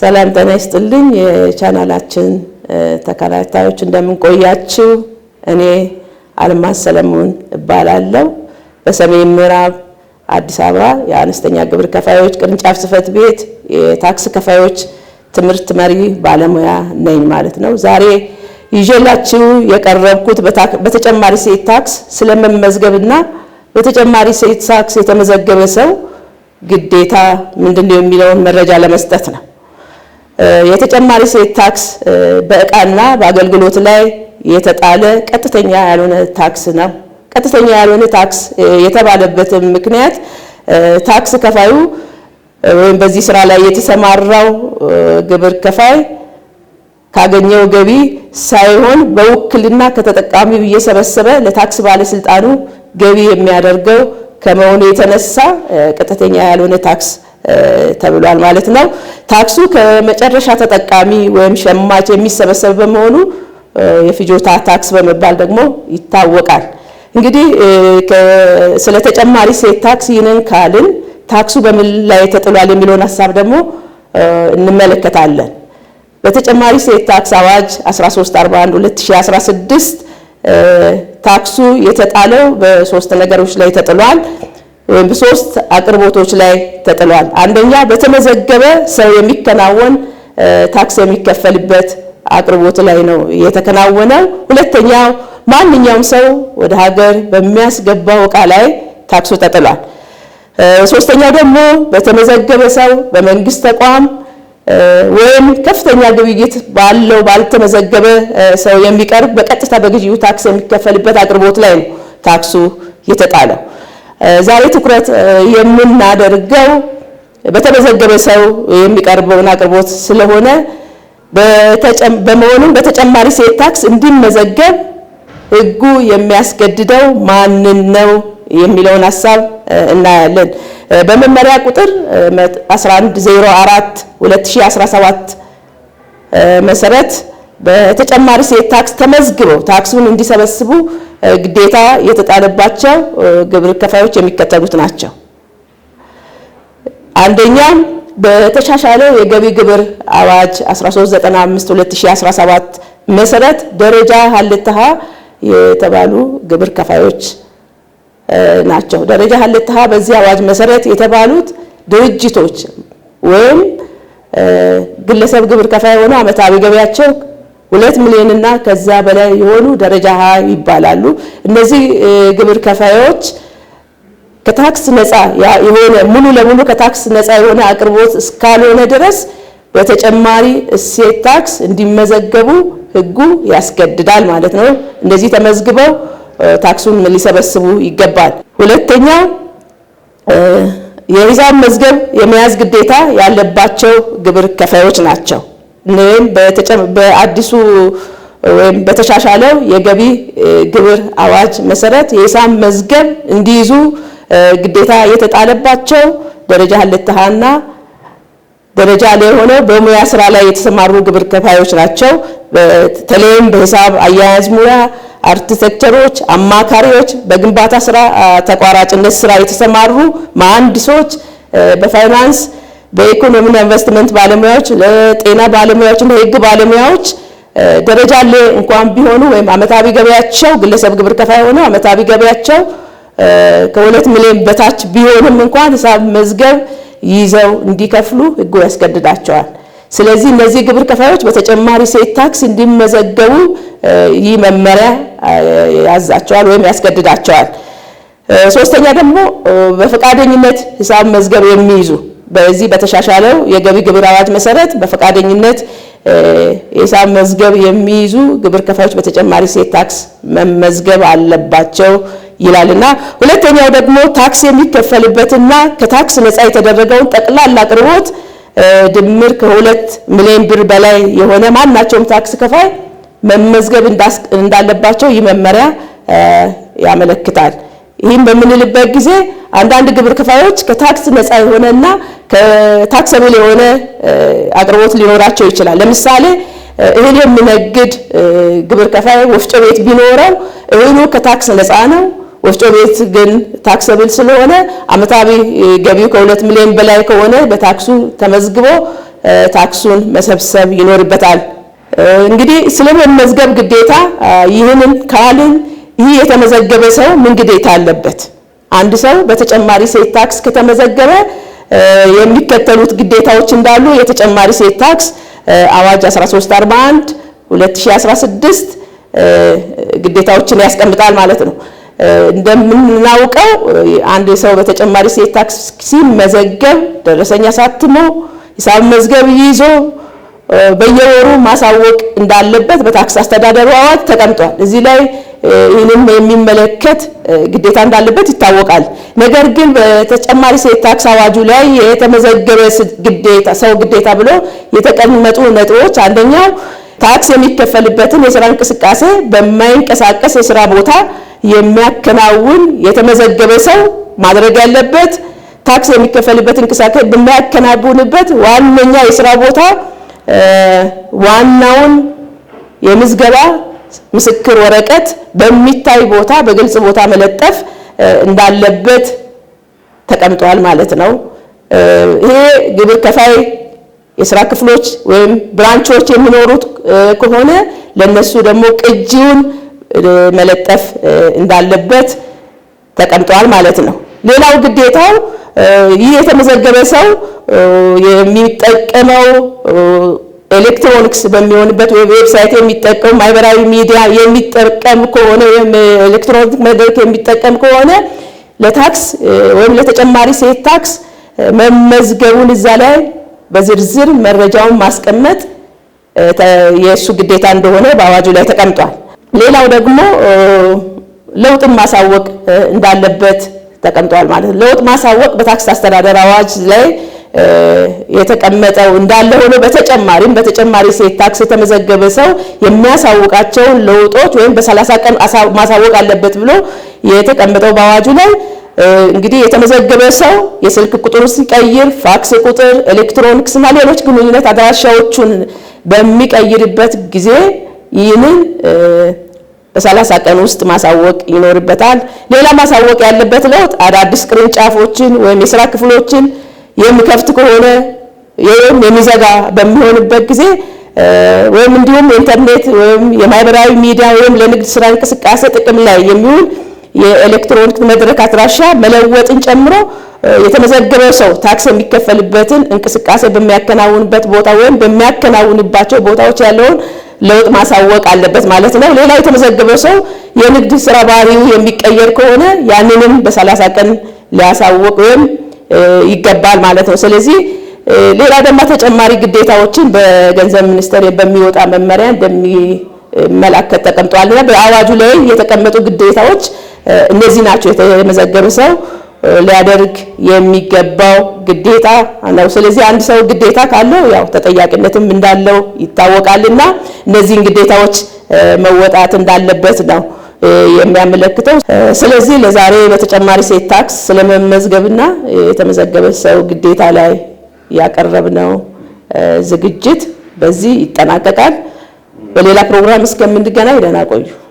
ሰላም ጤና ይስጥልኝ። የቻናላችን ተከታታዮች እንደምንቆያችው፣ እኔ አልማዝ ሰለሞን እባላለሁ። በሰሜን ምዕራብ አዲስ አበባ የአነስተኛ ግብር ከፋዮች ቅርንጫፍ ጽሕፈት ቤት የታክስ ከፋዮች ትምህርት መሪ ባለሙያ ነኝ ማለት ነው። ዛሬ ይዤላችሁ የቀረብኩት በተጨማሪ እሴት ታክስ ስለመመዝገብና በተጨማሪ እሴት ታክስ የተመዘገበ ሰው ግዴታ ምንድን ነው የሚለውን መረጃ ለመስጠት ነው። የተጨማሪ እሴት ታክስ በእቃና በአገልግሎት ላይ የተጣለ ቀጥተኛ ያልሆነ ታክስ ነው። ቀጥተኛ ያልሆነ ታክስ የተባለበትም ምክንያት ታክስ ከፋዩ ወይም በዚህ ስራ ላይ የተሰማራው ግብር ከፋይ ካገኘው ገቢ ሳይሆን በውክልና ከተጠቃሚው እየሰበሰበ ለታክስ ባለስልጣኑ ገቢ የሚያደርገው ከመሆኑ የተነሳ ቀጥተኛ ያልሆነ ታክስ ተብሏል ማለት ነው። ታክሱ ከመጨረሻ ተጠቃሚ ወይም ሸማች የሚሰበሰብ በመሆኑ የፍጆታ ታክስ በመባል ደግሞ ይታወቃል። እንግዲህ ስለ ተጨማሪ እሴት ታክስ ይህንን ካልን ታክሱ በምን ላይ ተጥሏል የሚለውን ሀሳብ ደግሞ እንመለከታለን። በተጨማሪ እሴት ታክስ አዋጅ 1341 2016 ታክሱ የተጣለው በሶስት ነገሮች ላይ ተጥሏል። ሶስት አቅርቦቶች ላይ ተጥሏል። አንደኛ በተመዘገበ ሰው የሚከናወን ታክስ የሚከፈልበት አቅርቦት ላይ ነው የተከናወነው። ሁለተኛው ማንኛውም ሰው ወደ ሀገር በሚያስገባው እቃ ላይ ታክሱ ተጥሏል። ሶስተኛው ደግሞ በተመዘገበ ሰው በመንግስት ተቋም ወይም ከፍተኛ ግብይት ባለው ባልተመዘገበ ሰው የሚቀርብ በቀጥታ በግዢው ታክስ የሚከፈልበት አቅርቦት ላይ ነው ታክሱ የተጣለው። ዛሬ ትኩረት የምናደርገው በተመዘገበ ሰው የሚቀርበውን አቅርቦት ስለሆነ በመሆኑም በተጨማሪ እሴት ታክስ እንዲመዘገብ ሕጉ የሚያስገድደው ማንን ነው የሚለውን ሀሳብ እናያለን። በመመሪያ ቁጥር 1104 2017 መሰረት በተጨማሪ እሴት ታክስ ተመዝግበው ታክሱን እንዲሰበስቡ ግዴታ የተጣለባቸው ግብር ከፋዮች የሚከተሉት ናቸው። አንደኛ በተሻሻለው የገቢ ግብር አዋጅ 1395 2017 መሰረት ደረጃ ሀልትሃ የተባሉ ግብር ከፋዮች ናቸው። ደረጃ ሀልትሃ በዚህ አዋጅ መሰረት የተባሉት ድርጅቶች ወይም ግለሰብ ግብር ከፋይ ሆኖ ዓመታዊ ገቢያቸው ሁለት ሚሊዮን እና ከዛ በላይ የሆኑ ደረጃ ሀ ይባላሉ። እነዚህ ግብር ከፋዮች ከታክስ ነፃ የሆነ ሙሉ ለሙሉ ከታክስ ነፃ የሆነ አቅርቦት እስካልሆነ ድረስ በተጨማሪ እሴት ታክስ እንዲመዘገቡ ሕጉ ያስገድዳል ማለት ነው። እንደዚህ ተመዝግበው ታክሱን ሊሰበስቡ ይገባል። ሁለተኛ የሂሳብ መዝገብ የመያዝ ግዴታ ያለባቸው ግብር ከፋዮች ናቸው። ወይም በአዲሱ ወይም በተሻሻለው የገቢ ግብር አዋጅ መሰረት የሂሳብ መዝገብ እንዲይዙ ግዴታ የተጣለባቸው ደረጃ ሀለተሃና ደረጃ ላይ ሆነው በሙያ ስራ ላይ የተሰማሩ ግብር ከፋዮች ናቸው። በተለይም በሂሳብ አያያዝ ሙያ አርክቴክቸሮች፣ አማካሪዎች፣ በግንባታ ስራ ተቋራጭነት ስራ የተሰማሩ መሐንዲሶች፣ በፋይናንስ በኢኮኖሚና ኢንቨስትመንት ባለሙያዎች፣ ለጤና ባለሙያዎች እና የህግ ባለሙያዎች ደረጃ አለ እንኳን ቢሆኑ ወይም አመታዊ ገበያቸው ግለሰብ ግብር ከፋይ ሆነ አመታዊ ገበያቸው ከሁለት ሚሊዮን በታች ቢሆንም እንኳን ሂሳብ መዝገብ ይዘው እንዲከፍሉ ህጉ ያስገድዳቸዋል። ስለዚህ እነዚህ ግብር ከፋዮች በተጨማሪ ሴት ታክስ እንዲመዘገቡ ይህ መመሪያ ያዛቸዋል ወይም ያስገድዳቸዋል። ሶስተኛ ደግሞ በፈቃደኝነት ሂሳብ መዝገብ የሚይዙ በዚህ በተሻሻለው የገቢ ግብር አዋጅ መሰረት በፈቃደኝነት የሂሳብ መዝገብ የሚይዙ ግብር ከፋዮች በተጨማሪ እሴት ታክስ መመዝገብ አለባቸው ይላልና፣ ሁለተኛው ደግሞ ታክስ የሚከፈልበትና ከታክስ ነፃ የተደረገውን ጠቅላላ አቅርቦት ድምር ከሁለት ሚሊዮን ብር በላይ የሆነ ማናቸውም ታክስ ከፋይ መመዝገብ እንዳለባቸው ይህ መመሪያ ያመለክታል። ይህም በምንልበት ጊዜ አንዳንድ ግብር ከፋዮች ከታክስ ነፃ የሆነና ከታክስ ብል የሆነ አቅርቦት ሊኖራቸው ይችላል። ለምሳሌ እህል የሚነግድ ግብር ከፋይ ወፍጮ ቤት ቢኖረው እህሉ ከታክስ ነፃ ነው። ወፍጮ ቤት ግን ታክስ ብል ስለሆነ ዓመታዊ ገቢው ከሁለት ሚሊዮን በላይ ከሆነ በታክሱ ተመዝግቦ ታክሱን መሰብሰብ ይኖርበታል። እንግዲህ ስለመመዝገብ ግዴታ ይህንን ካልን ይህ የተመዘገበ ሰው ምን ግዴታ አለበት? አንድ ሰው በተጨማሪ እሴት ታክስ ከተመዘገበ የሚከተሉት ግዴታዎች እንዳሉ የተጨማሪ እሴት ታክስ አዋጅ 1341 2016 ግዴታዎችን ያስቀምጣል ማለት ነው። እንደምናውቀው አንድ ሰው በተጨማሪ እሴት ታክስ ሲመዘገብ ደረሰኝ አሳትሞ ሂሳብ መዝገብ ይዞ በየወሩ ማሳወቅ እንዳለበት በታክስ አስተዳደሩ አዋጅ ተቀምጧል። እዚህ ላይ ይህንም የሚመለከት ግዴታ እንዳለበት ይታወቃል። ነገር ግን በተጨማሪ ሴት ታክስ አዋጁ ላይ የተመዘገበ ግዴታ ሰው ግዴታ ብሎ የተቀመጡ ነጥቦች አንደኛው ታክስ የሚከፈልበትን የስራ እንቅስቃሴ በማይንቀሳቀስ የስራ ቦታ የሚያከናውን የተመዘገበ ሰው ማድረግ ያለበት ታክስ የሚከፈልበት እንቅስቃሴ በማያከናውንበት ዋነኛ የስራ ቦታ ዋናውን የምዝገባ ምስክር ወረቀት በሚታይ ቦታ በግልጽ ቦታ መለጠፍ እንዳለበት ተቀምጧል ማለት ነው። ይሄ ግብር ከፋይ የስራ ክፍሎች ወይም ብራንቾች የሚኖሩት ከሆነ ለነሱ ደግሞ ቅጂውን መለጠፍ እንዳለበት ተቀምጧል ማለት ነው። ሌላው ግዴታው ይህ የተመዘገበ ሰው የሚጠቀመው ኤሌክትሮኒክስ በሚሆንበት ዌብሳይት የሚጠቀም ማህበራዊ ሚዲያ የሚጠቀም ከሆነ ወይም ኤሌክትሮኒክ መድረክ የሚጠቀም ከሆነ ለታክስ ወይም ለተጨማሪ ሴት ታክስ መመዝገቡን እዛ ላይ በዝርዝር መረጃውን ማስቀመጥ የእሱ ግዴታ እንደሆነ በአዋጁ ላይ ተቀምጧል። ሌላው ደግሞ ለውጥን ማሳወቅ እንዳለበት ተቀምጧል ማለት ነው። ለውጥ ማሳወቅ በታክስ አስተዳደር አዋጅ ላይ የተቀመጠው እንዳለ ሆኖ በተጨማሪም በተጨማሪ እሴት ታክስ የተመዘገበ ሰው የሚያሳውቃቸውን ለውጦች ወይም በሰላሳ ቀን ማሳወቅ አለበት ብሎ የተቀመጠው በአዋጁ ላይ እንግዲህ የተመዘገበ ሰው የስልክ ቁጥሩ ሲቀይር፣ ፋክስ ቁጥር፣ ኤሌክትሮኒክስ እና ሌሎች ግንኙነት አድራሻዎቹን በሚቀይርበት ጊዜ ይህንን በሰላሳ ቀን ውስጥ ማሳወቅ ይኖርበታል። ሌላ ማሳወቅ ያለበት ለውጥ አዳዲስ ቅርንጫፎችን ወይም የስራ ክፍሎችን የሚከፍት ከሆነ ወይም የሚዘጋ በሚሆንበት ጊዜ ወይም እንዲሁም የኢንተርኔት ወይም የማህበራዊ ሚዲያ ወይም ለንግድ ስራ እንቅስቃሴ ጥቅም ላይ የሚውል የኤሌክትሮኒክ መድረክ አድራሻ መለወጥን ጨምሮ የተመዘገበ ሰው ታክስ የሚከፈልበትን እንቅስቃሴ በሚያከናውንበት ቦታ ወይም በሚያከናውንባቸው ቦታዎች ያለውን ለውጥ ማሳወቅ አለበት ማለት ነው። ሌላ የተመዘገበ ሰው የንግድ ስራ ባህሪው የሚቀየር ከሆነ ያንንም በሰላሳ ቀን ሊያሳውቅ ወይም ይገባል ማለት ነው። ስለዚህ ሌላ ደግሞ ተጨማሪ ግዴታዎችን በገንዘብ ሚኒስቴር በሚወጣ መመሪያ እንደሚመላከት ተቀምጧል። በአዋጁ ላይ የተቀመጡ ግዴታዎች እነዚህ ናቸው። የተመዘገበ ሰው ሊያደርግ የሚገባው ግዴታ ነው። ስለዚህ አንድ ሰው ግዴታ ካለው ያው ተጠያቂነትም እንዳለው ይታወቃልና እነዚህን ግዴታዎች መወጣት እንዳለበት ነው። የሚያመለክተው። ስለዚህ ለዛሬ በተጨማሪ ሴት ታክስ ስለመመዝገብና የተመዘገበ ሰው ግዴታ ላይ ያቀረብነው ዝግጅት በዚህ ይጠናቀቃል። በሌላ ፕሮግራም እስከምንገናኝ ደህና ቆዩ።